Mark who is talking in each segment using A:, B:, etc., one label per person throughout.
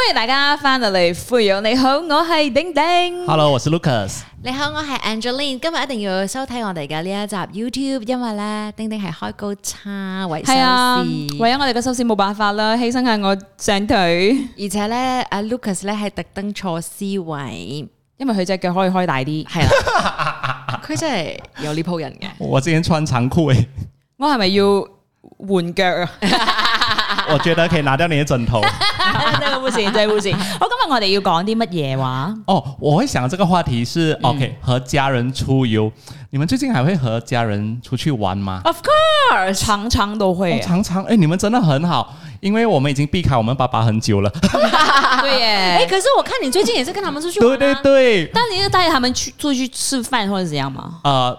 A: 歡迎大家翻到嚟 The Fuyoh，你好，我係丁丁。
B: Hello，我是 Lucas。
A: 你好，我係 Angeline。今日一定要收睇我哋嘅呢一集 YouTube，因為咧，丁丁係開高叉位，係啊，為咗我哋嘅收視冇辦法啦，犧牲下我上腿。而且咧，阿 Lucas 咧係特登坐 C 位，因為佢隻腳可以開大啲。係 啦，佢真係有呢鋪人嘅。
B: 我之前穿長褲、欸，
A: 我係咪要？換
B: 個 我覺得可以拿掉你的枕頭。
A: 真 係、嗯那個、不行，真係不行。我今日我哋要講啲乜嘢話？
B: 哦，我會想這個話題是，OK，、嗯、和家人出遊。你們最近還會和家人出去玩嗎？Of course，常常都會。哦、常常，哎、欸，你們真的很好，因為我們已經避開我們爸爸很久了。
A: 對耶、欸欸，可是我看你最近也是跟他們出去玩、啊，玩。 對對對。但你要帶他們去出去吃飯或者怎樣嗎？
B: 呃……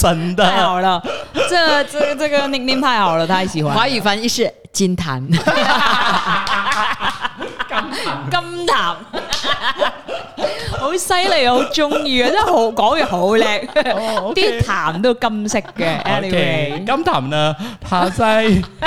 B: 真的、啊、太好了，這這個、
A: 這個名名、這個、派太好了，太喜歡。華語翻譯是金壇，金壇 好犀利，好中意，真係好講嘢好叻，啲、oh, 痰、okay. 都金色嘅。Anyway，、okay,
B: 金壇呢，他在。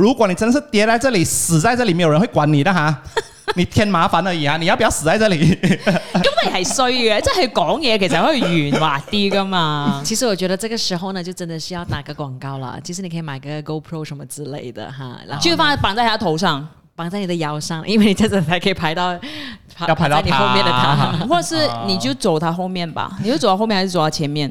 B: 如果你真的是跌在這裏，死在這裏，沒有人會管你的哈，你添麻煩而已啊！你要不要死在這裏？咁你係
A: 衰嘅，即係講嘢，佢才會圓滑啲㗎嘛。其實我覺得這個時候呢，就真的是要打個廣告啦，其實你可以買個 GoPro 什麼之類的哈、啊啊，就放綁在他頭上，綁在你的腰上，因為你這樣才可以拍到，拍要拍到拍你後面的它、啊，或者是你就走他後面吧，啊、你就走它後面還是
B: 走它前面？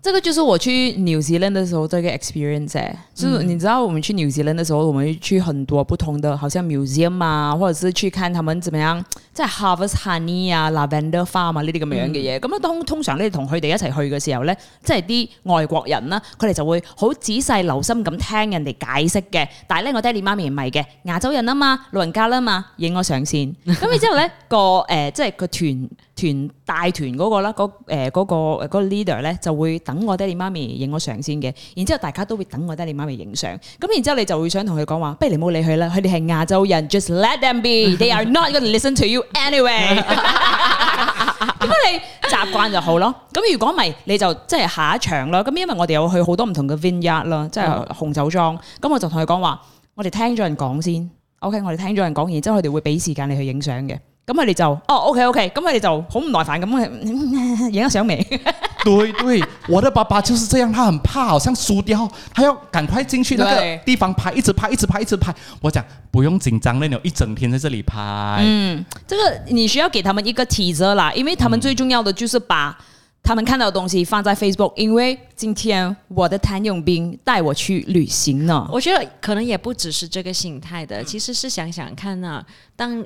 A: 這個就是我去 New Zealand 嘅時候的、欸，這個 experience。就是、你知道，我們去 New Zealand 嘅時候，我們去很多不同的，好像 museum 啊，或者是去看他們怎麼樣，即、就、係、是、harvest honey 啊、lavender farm 啊呢啲咁樣嘅嘢。咁、嗯、咧通通常咧同佢哋一齊去嘅時候咧，即係啲外國人啦，佢哋就會好仔細留心咁聽人哋解釋嘅。但係咧，我爹哋媽咪唔係嘅，亞洲人啊嘛，老人家啦嘛，影我上線。咁 然後之後咧，個誒即係個團團大團嗰、那個啦，嗰誒嗰個 leader 咧就會。等我爹哋媽咪影我相先嘅，然之後大家都會等我爹哋媽咪影相，咁然之後你就會想同佢講話， 不如你冇理佢啦，佢哋係亞洲人 ，just let them be，they are not gonna listen to you anyway。咁 你習慣就好咯。咁如果唔係，你就即係下一場咯。咁因為我哋有去好多唔同嘅 vineyard 啦，即係紅酒莊，咁、uh-huh. 我就同佢講話，我哋聽咗人講先。OK，我哋聽咗人講，然之後佢哋會俾時間你去影相嘅。咁佢哋就哦，OK OK，咁佢哋就好唔耐煩咁嘅贏啊，小美
B: 對對，我的爸爸就是這樣，他很怕，好像輸掉，他要趕快進去那個地方拍，一直拍，一直拍，一直拍。我講不用緊張了，你有一整天在這裏拍。
A: 嗯，這個你需要給他們一個體則啦，因為他們最重要的就是把他們看到的東西放在 Facebook。因為今天我的譚永斌帶我去旅行呢，我覺得可能也不只是這個心態的，其實是想想看啊，當。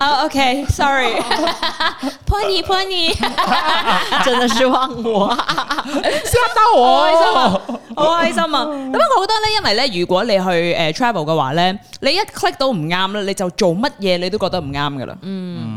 A: 哦，OK，sorry，pony pony，真的是忘我，嚇到我，好開心啊！咁啊，我好多咧，因為咧，如果你去誒、呃、travel 嘅話咧，你一 click 到唔啱啦，你就做乜嘢你都覺得唔啱噶啦，嗯。嗯。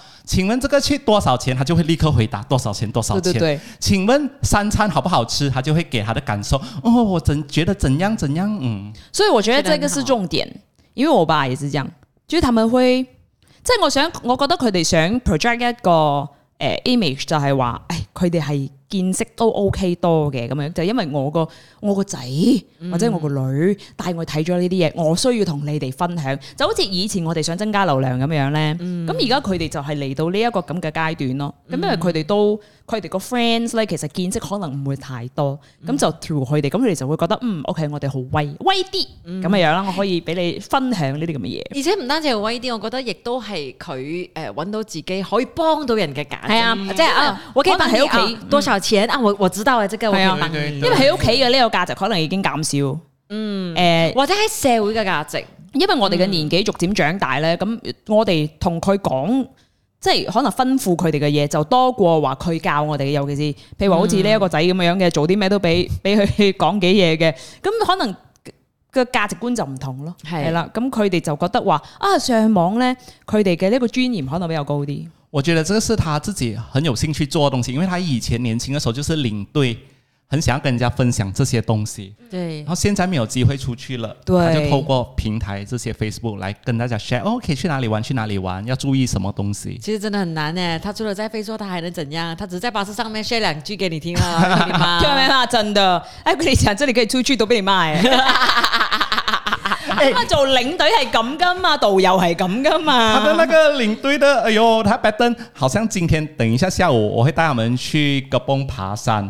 B: 請問這個去多少錢，他就會立刻回答多少錢多少錢，對對對。請問三餐好不好吃，他就會給他的感受。哦，我怎覺得怎樣怎樣。嗯，
A: 所以我覺得這個是重點，因為我爸也是這樣，就是、他們會即、就是、我想，我覺得佢哋想 project 一個、呃、image 就係話，唉，佢哋係。見識都 OK 多嘅咁樣，就係，因為我個我個仔或者我個女帶我睇咗呢啲嘢，嗯，我需要同你哋分享，就好似以前我哋想增加流量咁樣咧。咁而家佢哋就係嚟到呢一個咁嘅階段咯。咁因為佢哋都，嗯佢哋個 friends 咧，其實見識可能唔會太多，咁、嗯、就 through 佢哋，咁佢哋就會覺得嗯，OK，我哋好威威啲咁嘅樣啦，我可以俾你分享呢啲咁嘅嘢。而且唔單止威啲，我覺得亦都係佢誒揾到自己可以幫到人嘅價值。係、嗯、啊，即、就、係、是嗯、啊，我今日喺屋企多少錢啊？我我知道我即刻、嗯，因為喺屋企嘅呢個價值可能已經減少。嗯，誒、嗯，或者喺社會嘅價值，因為我哋嘅年紀逐漸長大咧，咁、嗯、我哋同佢講。即係可能吩咐佢哋嘅嘢就多過話佢教我哋嘅，尤其是譬如、嗯、話好似呢一個仔咁樣嘅，做啲咩都俾俾佢講幾嘢嘅，咁可能個價值觀就唔同咯，係啦，咁佢哋就覺得話啊上網呢，佢哋嘅呢個尊嚴可能比較高啲。
B: 我覺得這是他自己很有興趣做嘅東西，因為他以前年輕嘅時候就是領隊。很想要跟人家分享這些東西，對。然後現在沒有機會出去了，對。他就透過平台這些 Facebook 來跟大家 share o、哦、可以去哪裏玩，去哪裏玩，要注意什麼東西。
A: 其實真的很難呢。他除了在 Facebook，他還能怎樣？他只是在巴士上面 share 兩句給你聽啊， 真的，哎，佢你想這裏可以出去都被你賣。誒、 哎，他做領隊係咁噶嘛，導遊係咁噶嘛。他的
B: 那個領隊的，哎呦，他拜登好像今天等一下下午我會帶他們去葛崩爬山。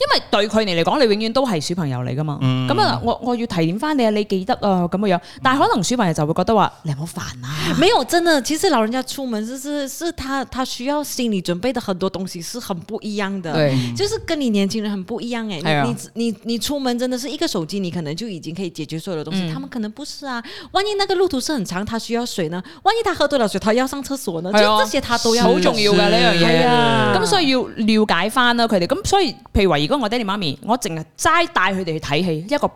A: 因為對佢哋嚟講，你永遠都係小朋友嚟噶嘛，咁、嗯、啊，我我要提點翻你啊，你記得啊咁嘅樣。但係可能小朋友就會覺得話，你好煩啊。咩？沒有，真的，其實老人家出門就是，是他他需要心理準備的很多東西，是很不一樣的，就是跟你年輕人很不一樣誒、欸。你你你出門真的是一個手機，你可能就已經可以解決所有嘅東西。他們可能不是啊。萬一那個路途是很長，他需要水呢？萬一他喝多了水，他要上廁所呢？就這些，他都要好重要嘅呢樣嘢。咁所以要了解翻啦，佢哋。咁所以，譬如話如果我爹哋媽咪，我淨係齋帶佢哋去睇戲，一個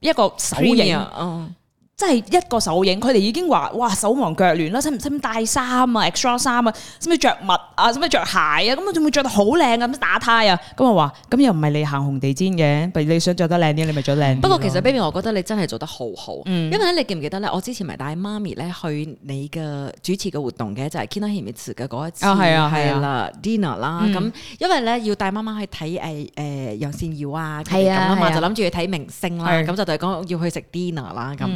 A: 一個手型。真係一個手影，佢哋已經話：哇，手忙腳亂啦！使唔使唔帶衫啊？extra 衫啊？使唔使着襪啊？使唔使着鞋啊？咁啊，仲唔着得好靚啊？乜打呔啊？咁我話：咁又唔係你行紅地氈嘅，你想着得靚啲，你咪着靚。不過其實 baby，我覺得你真係做得好好、嗯。因為你記唔記得咧？我之前咪帶媽咪咧去你嘅主持嘅活動嘅，就係、是、Kinohimitsu 嘅嗰一次。啊，係啊，係啊。啦，dinner、啊啊、啦，咁、嗯、因為咧要帶媽媽去睇誒誒楊善綺啊，係啊，咁、啊、就諗住去睇明星啦，咁、啊、就就講要去食 dinner 啦，咁、啊。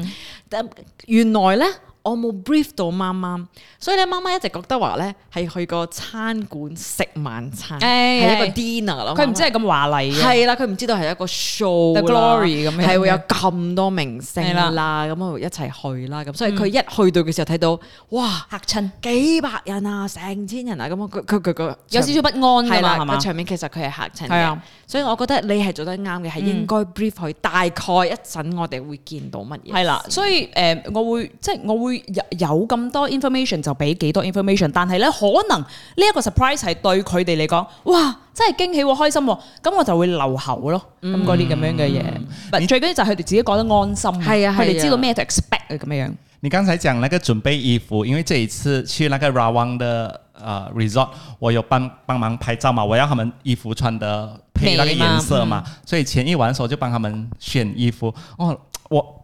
A: 但原來咧。我冇 brief 到媽媽，所以咧媽媽一直覺得話咧係去個餐館食晚餐，係、哎哎、一個 dinner 咯。佢唔知係咁華麗，係啦，佢唔知道係一個 show，The Glory 咁樣，係會有咁多明星啦，咁啊一齊去啦咁。所以佢一,一去到嘅時候睇到、嗯，哇！嚇親幾百人啊，成千人啊，咁佢佢佢有少少不安㗎嘛。個場面其實佢係嚇親啱，所以我覺得你係做得啱嘅，係應該 brief 佢大概一陣我哋會見到乜嘢。係啦，所以誒我會即係我會。有有咁多 information 就俾幾多 information，但係咧可能呢一個 surprise 係對佢哋嚟講，哇，真係驚喜開心、哦，咁我就會留口咯，咁嗰啲咁樣嘅嘢。唔，But、最緊要就係佢哋自己覺得安心，係啊，佢哋、啊、知道咩 to expect 啊咁樣樣。
B: 你剛才講那個準備衣服，因為這一次去那個 Rawang 的啊、呃、resort，我有幫幫忙拍照嘛，我要他們衣服穿得配那個顏色嘛，嘛、嗯，所以前一晚時候就幫他們選衣服。哦，我。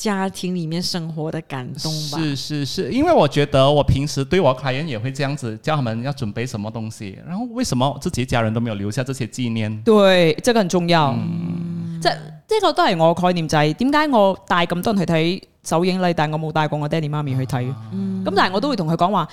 A: 家庭裏面生活的感動吧，是
B: 是是，因為我覺得我平時對我家人也會這樣子，教他們要準備什麼東西。然後為什麼自己家人都沒有留下這些紀念？
A: 對，這個很重要。即係呢個都係我概念就係、是，點解我帶咁多人去睇首映禮？但係我冇帶過我爹哋媽咪去睇。咁、嗯嗯嗯、但係我都會同佢講話，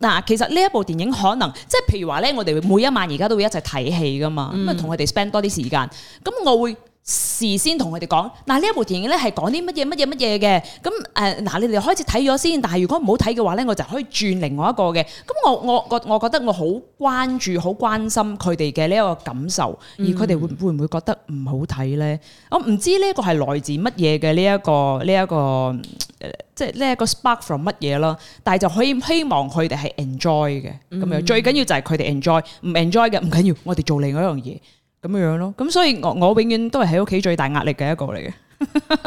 A: 嗱，其實呢一部電影可能即係、就是、譬如話咧，我哋每一晚而家都會一齊睇戲噶嘛，咁啊同佢哋 spend 多啲時間。咁我會。事先同佢哋講，嗱呢一部電影咧係講啲乜嘢乜嘢乜嘢嘅，咁誒嗱你哋開始睇咗先，但係如果唔好睇嘅話咧，我就可以轉另外一個嘅。咁我我我我覺得我好關注、好關心佢哋嘅呢一個感受，而佢哋會會唔會覺得唔好睇咧？Mm-hmm. 我唔知呢一個係來自乜嘢嘅呢一個呢一個，即係呢一個 spark from 乜嘢咯？但係就可以希望佢哋係 enjoy 嘅咁樣，最緊要就係佢哋 enjoy，唔 enjoy 嘅唔緊要，我哋做另外一樣嘢。咁樣咯，咁所以我我永遠都係喺屋企最大壓力嘅一個嚟嘅，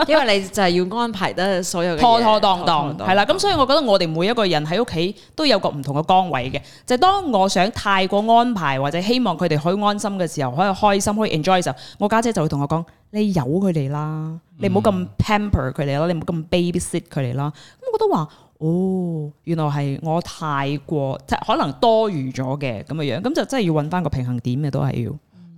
A: 因為你就係要安排得所有妥妥當當係啦，咁所以我覺得我哋每一個人喺屋企都有個唔同嘅崗位嘅，就係當我想太過安排或者希望佢哋可以安心嘅時候，可以開心可以 enjoy 嘅時候，我家姐姐就會同我講：你有佢哋啦，你唔好咁 pamper 佢哋咯，你唔好咁 babysit 佢哋啦。咁我都話：哦，原來係我太過即係可能多餘咗嘅咁嘅樣，咁就真係要搵翻個平衡點嘅都係要。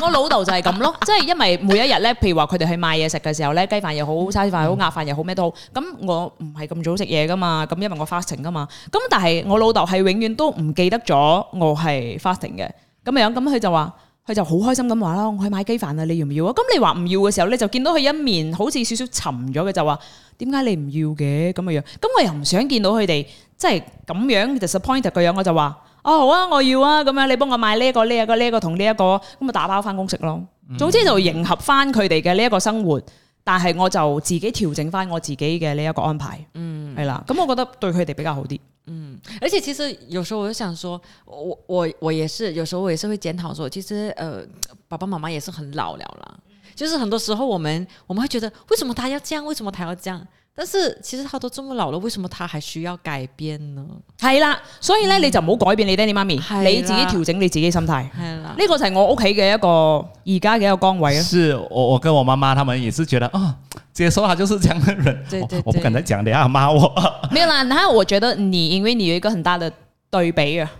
A: 我老豆就係咁咯，即係因為每一日咧，譬如話佢哋去買嘢食嘅時候咧，雞飯又好，叉燒飯又好，鴨飯又好，咩都好。咁我唔係咁早食嘢噶嘛，咁因為我 fasting 噶嘛。咁但係我老豆係永遠都唔記得咗我係 fasting 嘅咁樣。咁佢就話，佢就好開心咁話啦，我去買雞飯啊，你要唔要啊？咁你話唔要嘅時候咧，你就見到佢一面好似少少沉咗嘅，就話點解你唔要嘅咁樣？咁我又唔想見到佢哋即係咁樣 disappointed 個樣，我就話。哦，好啊，我要啊，咁樣你幫我買呢一個呢一個呢一個同呢一個，咁啊打包翻工食咯。總之就迎合翻佢哋嘅呢一個生活，但係我就自己調整翻我自己嘅呢一個安排，嗯，係啦。咁我覺得對佢哋比較好啲。嗯，而且其實有時候我都想說，我我我也是，有時候我也是會檢討，說其實，誒、呃，爸爸媽媽也是很老了啦。就是很多時候，我們我們會覺得，為什麼他要這樣？為什麼他要這樣？但是其實他都這麼老了，為什麼他還需要改變呢？係啦，所以呢，你就唔好改變你爹地媽咪，
B: 你自己調
A: 整你自己心態。係啦，呢、這個就係我屋企嘅一個而家嘅一個崗位啊。是
B: 我我跟我媽媽，他們也是覺得啊，接受他就是這樣嘅人。對對對，我，我不敢再講你阿媽我。
A: 沒有啦，然後我覺得你因為你有一個很大的對比啊，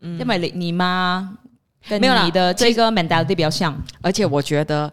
A: 嗯、因為你媽你媽跟你的這個 mentality，嗯、這個、比較像，而
B: 且我覺得。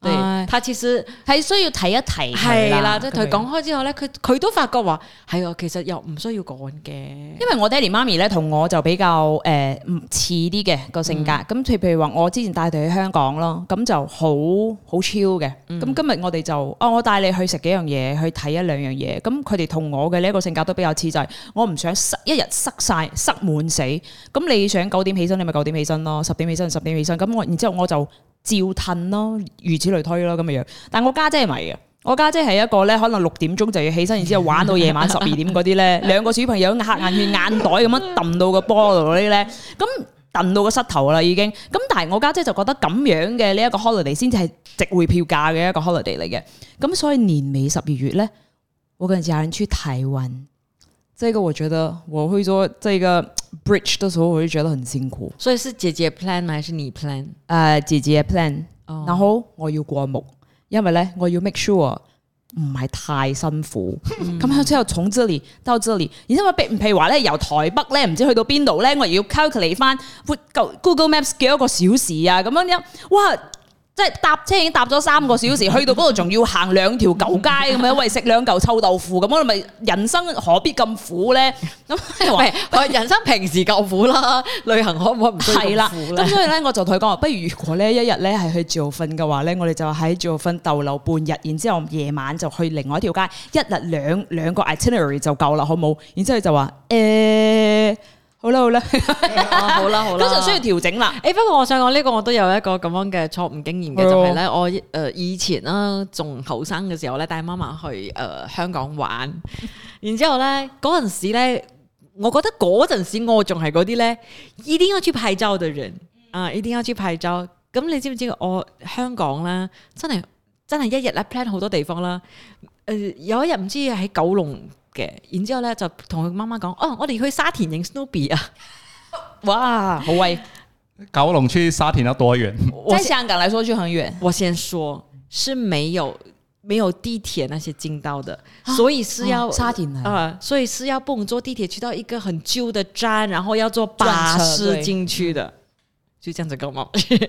A: 誒，拍攝師係需要提一提，係啦。即係佢講開之後咧，佢佢都發覺話係啊，其實又唔需要講嘅。因為我爹哋媽咪咧同我就比較誒似啲嘅個性格。咁譬、嗯、如話，我之前帶佢去香港咯，咁就好好 chill 嘅。咁、嗯、今日我哋就哦，我帶你去食幾樣嘢，去睇一兩樣嘢。咁佢哋同我嘅呢一個性格都比較似，就係、是、我唔想一塞一日塞晒、塞滿死。咁你想九點起身，你咪九點起身咯；十點起身，十點起身。咁我然之後我就。照褪咯，如此類推咯，咁嘅樣。但我家姐唔係嘅，我家姐係一個咧，可能六點鐘就要起身，然之後玩到夜晚十二點嗰啲咧，兩 個小朋友黑眼圈眼袋咁樣揼到個波度嗰啲咧，咁揼到個膝頭啦已經。咁但係我家姐、姐就覺得咁樣嘅呢一個 holiday 先至係值回票價嘅一個 holiday 嚟嘅。咁 所以年尾十二月咧，我跟住行出台灣，即係嗰個，我覺得我去咗即係嗰個。Bridge 的時候我就覺得很辛苦，所以是姐姐的 plan 嗎？還是你 plan？誒、uh，姐姐的 plan，oh. 然後我要過目，因為咧我要 make sure 唔係太辛苦。咁、mm. 樣之後從這裏到這裏，然之後譬如話咧由台北咧唔知去到邊度咧，我要 calculate 翻會 Google Maps 幾多個小時啊，咁樣樣哇！即係搭車已經搭咗三個小時，去到嗰度仲要行兩條舊街咁樣，喂，食兩嚿臭豆腐咁，我咪人生何必咁苦呢？咁 人生平時夠苦啦，旅行可唔可以唔辛苦咁 所以呢，我就同佢講話，不如如果呢一日呢係去自由份嘅話呢，我哋就喺自由份逗留半日，然之後夜晚就去另外一條街，一日兩兩個 itinerary 就夠啦，好冇？然之後就話誒。欸好啦好啦，好啦、 啊、好啦，跟住 需要調整啦。誒、欸，不過我想講呢、這個我都有一個咁樣嘅錯誤經驗嘅、哦，就係、是、咧，我、呃、誒以前啦，仲後生嘅時候咧，帶媽媽去誒、呃、香港玩， 然後之後咧嗰陣時咧，我覺得嗰陣時我仲係嗰啲咧，一定要去拍照的人啊，uh, 一定要去拍照。咁你知唔知我香港咧，真係真係一日咧 plan 好多地方啦。誒、呃，有一日唔知喺九龍。然之後呢，就同佢媽媽講，哦，我哋去沙田影 Snoopy 啊！哇，好
B: 威！九龍去沙田要多遠？
A: 在香港來說就很遠。我先說，是沒有沒有地鐵那些近道的，所以是要、哦、沙田啊、呃，所以是要步行坐地鐵去到一個很舊的站，然後要坐巴士進去的，就這樣子咁嘛。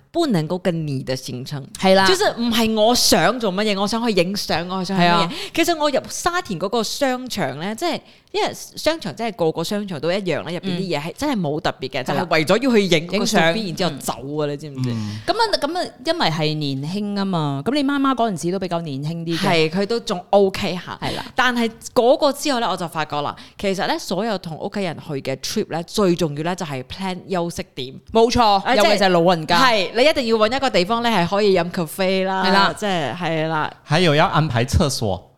A: 不能夠跟你嘅行程，係啦，就是唔係我想做乜嘢，我想去影相，我想係乜嘢，啊？其實我入沙田嗰個商場咧，即係因為商場真係個個商場都一樣咧，入邊啲嘢係真係冇特別嘅，嗯，就係，為咗要去影影相，然之後走噶，你知唔知？咁啊咁啊，因為係年輕啊嘛。咁你媽媽嗰陣時候都比較年輕啲嘅，係佢都仲 OK 下，係啦。但係嗰個之後咧，我就發覺啦，其實咧所有同屋企人去嘅 trip 咧，最重要咧就係 plan 休息點，冇錯，尤其是老人家係。啊就是你一定要搵一個地方呢，係可以飲咖啡啦，係啦，即係係啦。
B: 還有要安排廁所，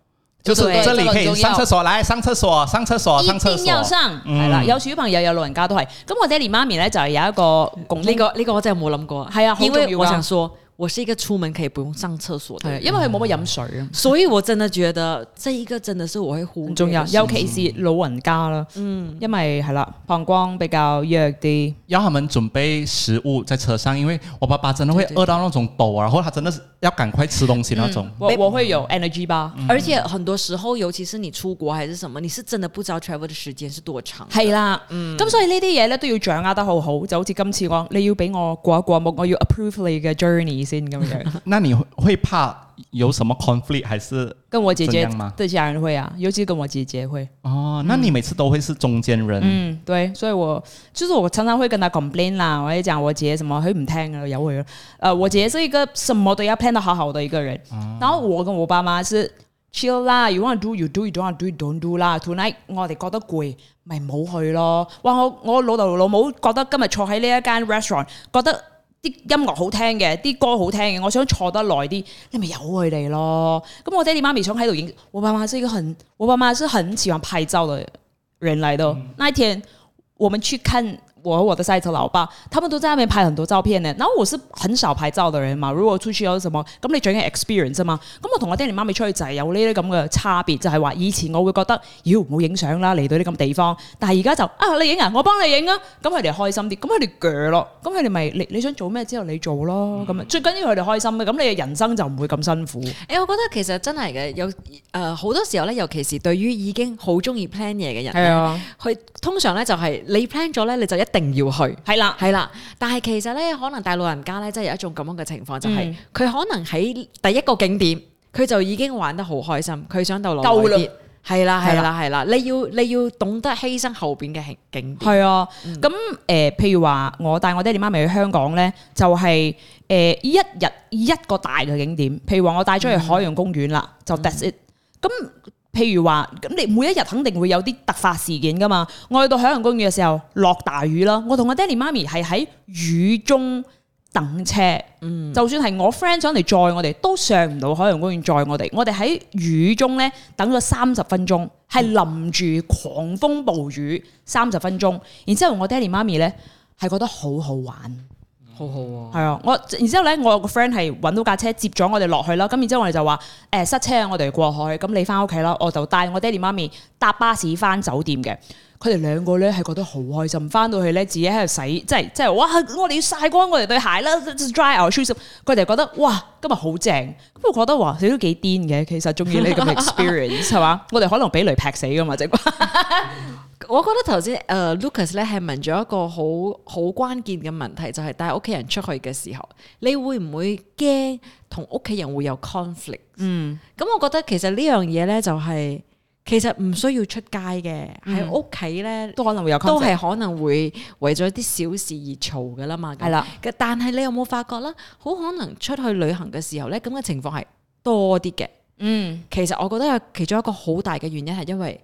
B: 就是這裏可以上廁所，來上廁所，上廁所，一定要上，係、嗯、啦。有
A: 小朋友，有老人家都係。咁我爹哋媽咪呢，就係有一個公共呢個呢個，這個、我真係冇諗過。係啊，好，因為我想說。我是一個出門可以不用上廁所，的、啊、因為他沒有飲水、嗯，所以我真的覺得 這一個真的是我會忽略重要 U K 是老人家啦，嗯，
B: 因為係啦膀胱，比較弱的要他們準備食物在車上，因為我爸爸真的會餓到那種抖，然後他真的是要趕快吃東西那種，嗯、
A: 我我會有 energy 吧、嗯，而且很多時候尤其是你出國還是什麼，你是真的不知道 travel 的時間是多長，係啦，嗯，咁、嗯、所以這些東西呢啲嘢咧都要掌握得好好，就好似今次我你要俾我過一過目，我要 approve 你嘅 journey。
B: 那你會怕有什麼 conflict 還是跟我姐姐的
A: 家人會啊？尤其是跟我姐姐會
B: 哦。那你每次都會是中間人，嗯，
A: 對，所以我就是我常常會跟他 complain 啦，我講我姐，姐什麼佢唔聽啊，有我，呃，我姐姐是一個什麼都要 plan 得好好的一個人、嗯，然後我跟我爸媽是 chill 啦，you want do you do you don't do you don't do 啦 do，tonight 我哋覺得攰，咪冇去咯。哇，我我老豆老，老母覺得今日坐喺呢一間 restaurant 覺得。啲音樂好聽嘅，啲歌好聽嘅，我想坐得耐啲，你咪由佢哋咯。咁我爹哋媽咪想喺度影，我爸媽是一個很，我爸媽是一個很喜歡拍照嘅人嚟的。嗯、那一天，我們去看。我和我的賽車吧，爸，他們都真係未拍很多照片咧。然後我是很少拍照的人嘛。如果出去又是什麼，咁你體驗 experience 嘛？咁我同我爹哋媽咪出去就係有呢啲咁嘅差別，就係、是、話以前我會覺得，唔好影相啦，嚟到呢咁嘅地方。但係而家就啊，你影啊，我幫你影啊，咁佢哋開心啲，咁佢哋鋸咯，咁佢哋咪你想做咩，之後你做咯，咁、嗯、最緊要佢哋開心嘅，咁你嘅人生就唔會咁辛苦。誒、欸，我覺得其實真係嘅，有誒好、呃、多時候咧，尤其是對於已經好中意 plan 嘢嘅人咧，佢、啊、通常咧就係、是、你 plan 咗咧，你就一。一定要去，係啦，係啦。但係其實咧，可能大老人家咧，真係有一種咁樣嘅情況，嗯，就係、是、佢可能喺第一個景點，佢就已經玩得好開心，佢想到另外係啦，係啦，係啦，啦，啦。你要你要懂得犧牲後邊嘅景景點係啊。咁誒、嗯呃，譬如話我帶我爹哋媽咪去香港咧，就係、是、誒、呃、一日一個大嘅景點。譬如話我帶咗去海洋公園啦、嗯，就 that's it 咁譬如話，咁你每一日肯定會有啲突發事件噶嘛。我去到海洋公園嘅時候落大雨啦，我同我爹哋媽咪係喺雨中等車。嗯，就算係我 friend 上嚟載我哋，都上唔到海洋公園載我哋。我哋喺雨中咧等咗三十分鐘，係淋住狂風暴雨三十分鐘。然之後我爹哋媽咪咧係覺得好好玩。好好啊，係啊，我然之後咧，我有個 friend 係揾到架車接咗我哋落去啦，咁然之後我哋就話誒塞車啊，我哋過去，咁你翻屋企啦，我就帶我爹哋媽咪搭巴士翻酒店嘅。佢哋兩個咧係覺得好開心，翻到去咧自己喺度洗，即係即係，哇！我哋要曬乾我哋對鞋啦，dry our shoes。佢 哋覺得哇，今日好正，咁我覺得話你都幾癲嘅，其實中意呢個 experience 係 嘛？我哋可能俾雷劈死噶嘛，即瓜 我覺得頭先誒 Lucas 咧係問咗一個好好關鍵嘅問題，就係、是、帶屋企人出去嘅時候，你會唔會驚同屋企人會有 conflict？嗯，咁、嗯、我覺得其實這件事呢樣嘢咧就係、是。其實唔需要出街嘅，喺屋企咧都可能會有，都係可能會為咗啲小事而嘈噶啦嘛。係啦，但係你有冇發覺啦？好可能出去旅行嘅時候咧，咁嘅情況係多啲嘅。嗯，其實我覺得有其中一個好大嘅原因係因為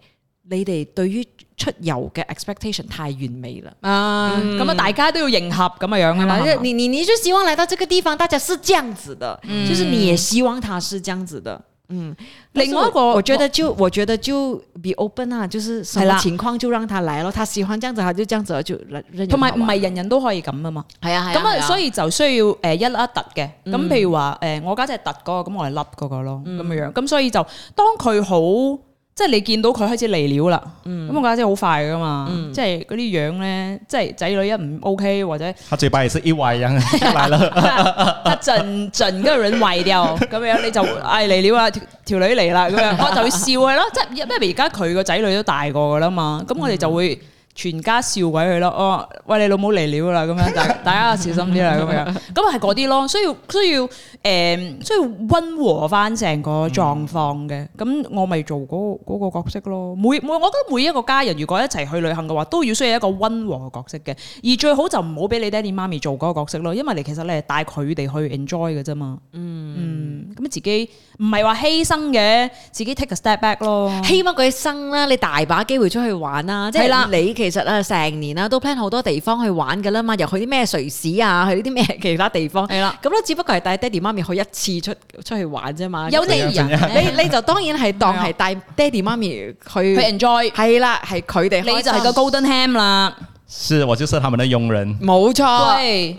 A: 你哋對於出遊嘅 expectation 太完美啦。啊、嗯、咁、嗯、啊、嗯、大家都要迎合咁樣樣啊嘛。你你你就希望嚟到這個地方，大家是這樣子的，嗯、就是你也希望他是這樣子的。嗯，另外一個我覺得就我，我覺得就 be open 啊，就是什麼情況就讓他來咯，他喜歡這樣子，他就這樣子就不，同埋唔係人人都可以咁啊嘛，係、嗯、啊，咁啊，啊，所以就需要誒、呃、一凹一,一凸嘅，咁譬如話誒、呃，我家姐係凸嗰個，咁我係凹嗰個咯，咁樣樣，咁所以就當佢好。即係你見到佢開始離尿啦，咁我覺得好快噶嘛，嗯、即係嗰啲樣咧，即係仔女一唔 OK 或者，
B: 佢最弊係識依壞人嚟啦，一
A: 陣陣跟住亂壞掉，咁 樣你就唉離尿啊，條條女離啦，咁樣我就會笑佢咯，即係因為而家佢個仔女都大個噶啦嘛，咁我哋就會。嗯全家笑鬼佢咯！哦，喂你老母嚟料啦咁樣，大大家小心啲啦咁樣，咁啊係嗰啲咯，需要需要誒、呃、需要溫和翻成個狀況嘅，咁、嗯、我咪做嗰、嗰個嗰個角色咯。每每我覺得每一個家人如果一齊去旅行嘅話，都要需要一個溫和嘅角色嘅，而最好就唔好俾你爹哋媽咪做嗰個角色咯，因為你其實你係帶佢哋去 enjoy 嘅啫嘛。嗯，嗯，咁自己唔係話犧牲嘅，自己 take a step back 咯，起碼佢一生啦，你大把機會出去玩啦，即係、就是、你其實其實啊，成年啦、啊、都 plan 好多地方去玩噶啦嘛，又去啲咩瑞士啊，去啲咩其他地方係啦，咁都只不過係帶爹哋媽咪去一次出出去玩啫嘛。有啲人你你就當然係當係帶爹哋媽咪去去 enjoy 係啦，係佢哋你就係個 golden ham 啦。
B: 是我就是他們的傭人，
A: 冇錯、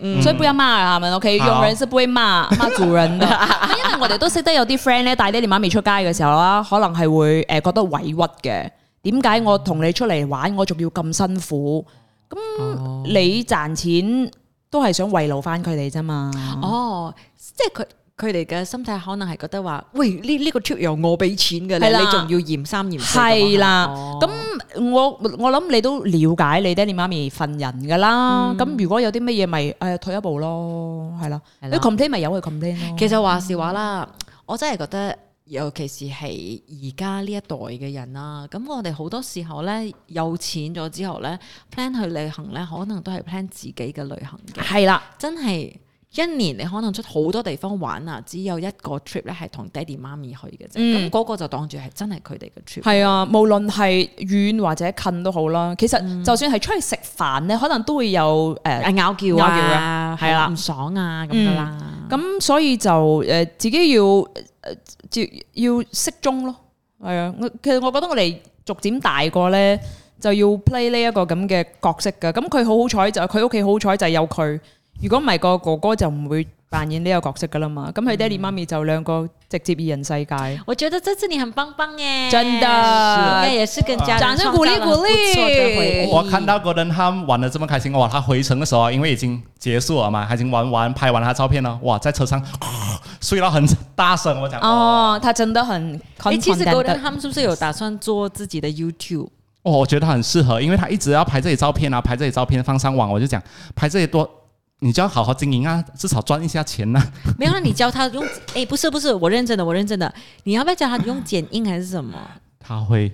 A: 嗯。所以不要罵他們，OK？傭人是不會罵罵主人的 因為我哋都識得有啲 friend 咧，帶爹哋媽咪出街嘅時候啦，可能係會誒覺得委屈嘅。點解我同你出嚟玩，嗯、我仲要咁辛苦？咁你賺錢、哦、都係想慰勞翻佢哋啫嘛？哦，即係佢佢哋嘅心態可能係覺得話，喂，呢、呢、呢個 trip 由我俾錢嘅，你仲要嫌三嫌四？係啦，咁、哦、我我諗你都了解你爹哋媽咪份人噶啦。咁、嗯、如果有啲乜嘢，咪誒退一步咯，係啦。你 complain 咪由佢 complain 咯。其實話是話啦、嗯，我真係覺得。尤其是係而家呢一代嘅人啦，咁我哋好多時候咧有錢咗之後咧 plan 去旅行咧，可能都係 plan 自己嘅旅行嘅。係啦，真係一年你可能出好多地方玩啊，只有一個 trip 咧係同爹哋媽咪去嘅啫。咁、嗯、嗰個就當住係真係佢哋嘅 trip。係、嗯、啊，無論係遠或者近都好啦。其實就算係出去食飯咧，可能都會有誒拗撬啊，啊，係、嗯、啦，唔爽啊咁噶啦。咁所以就誒、呃、自己要。接、呃、要適中咯，係啊，其實我覺得我哋逐漸大個咧，就要 play 呢一個咁嘅角色噶。咁佢好好彩就佢屋企好彩就有佢，如果唔係個哥哥就唔會。扮演呢個角色㗎啦嘛，咁佢爹地媽咪就兩個
B: 直接二人世界，
A: 嗯。我覺得這次你很棒棒耶，真的，應該、啊、也是跟家人得。掌聲鼓勵鼓勵。我看
B: 到 Golden 他們玩的這麼開心，哇！他回程的時候，因為已經結束了嘛，還已經玩完拍完他照片啦，哇！在車上、啊、睡到很大聲，我
A: 講。哦，哦他真的很。誒，其實 Golden 他們是不是有打算做自己的 YouTube？
B: 哦，我覺得很適合，因為他一直要拍這些照片啊，拍這些照片放上網，我就講拍這些多。你就要好好經營啊，至少賺一下錢呐、
A: 啊。沒有，那你教他用？哎、 欸，不是不是，我認真的，我認真的。你要不要教他你用剪映還是什麼？
B: 他會，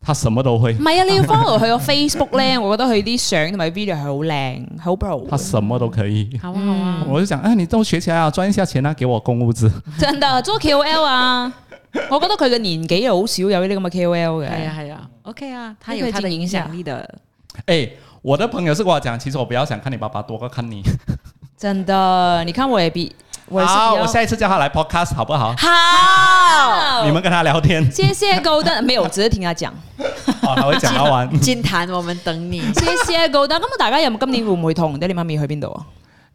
B: 他什麼都會。唔係啊，你
A: 要 follow 佢個 Facebook 咧， 我覺得佢啲相同埋 video 好靚，好 pro。
B: 他什麼都可以。
A: 好啊，好、嗯、啊，我就
B: 想啊、哎，你都學起來啊，賺一下錢啊，給我供物資。
A: 真的做 KOL 啊， 我覺得佢嘅年紀又好少有呢啲咁嘅 KOL 嘅。係啊係啊，OK 啊，他有他的影響力的。
B: 哎。我的朋友是跟我講，其實我比較想看你爸爸，多過看你。
A: 真的，你看我也比，我也比，好，我下
B: 一次叫他來 podcast 好不好？好，
A: 好，你們
B: 跟他聊天。謝
A: 謝高登，的，沒有，只是聽、 哦、他講。
B: 好，我會講他完。金
A: 壇，金我們等你。謝謝高登。的，那麼大家有沒？今年會唔會同爹哋媽咪
B: 去邊度啊？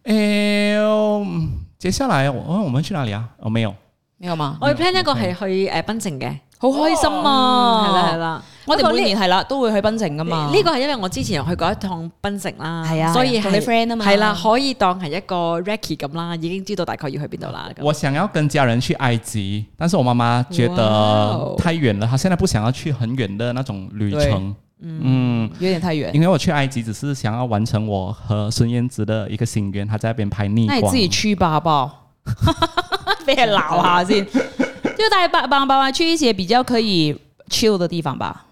B: 誒、 欸哦，接下來我，哦，我們去哪裡啊？我、哦、沒有，
A: 沒有嗎？我 plan 一個係去誒，檳、嗯呃、城嘅，好開心啊！係、哦、啦，係啦。我哋每年係啦，都會去檳城㗎嘛。呢、這個係因為我之前有去過一趟檳城啦，係、嗯、啊，所以係 friend 啊嘛，係啦，可以當係一個 recky 咁啦，已經知道大概要去邊度啦。
B: 我想要跟家人去埃及，但是我媽媽覺得太遠了，她現在不想要去很遠的那種旅程。嗯，有點太遠。因為我去埃及只是想要完成我和孫燕姿的一個心願，她在那邊拍逆光。那你自己
A: 去吧，好唔好？俾 鬧 下先 就帶爸、爸、爸媽去一些比較可以 chill 的地方吧。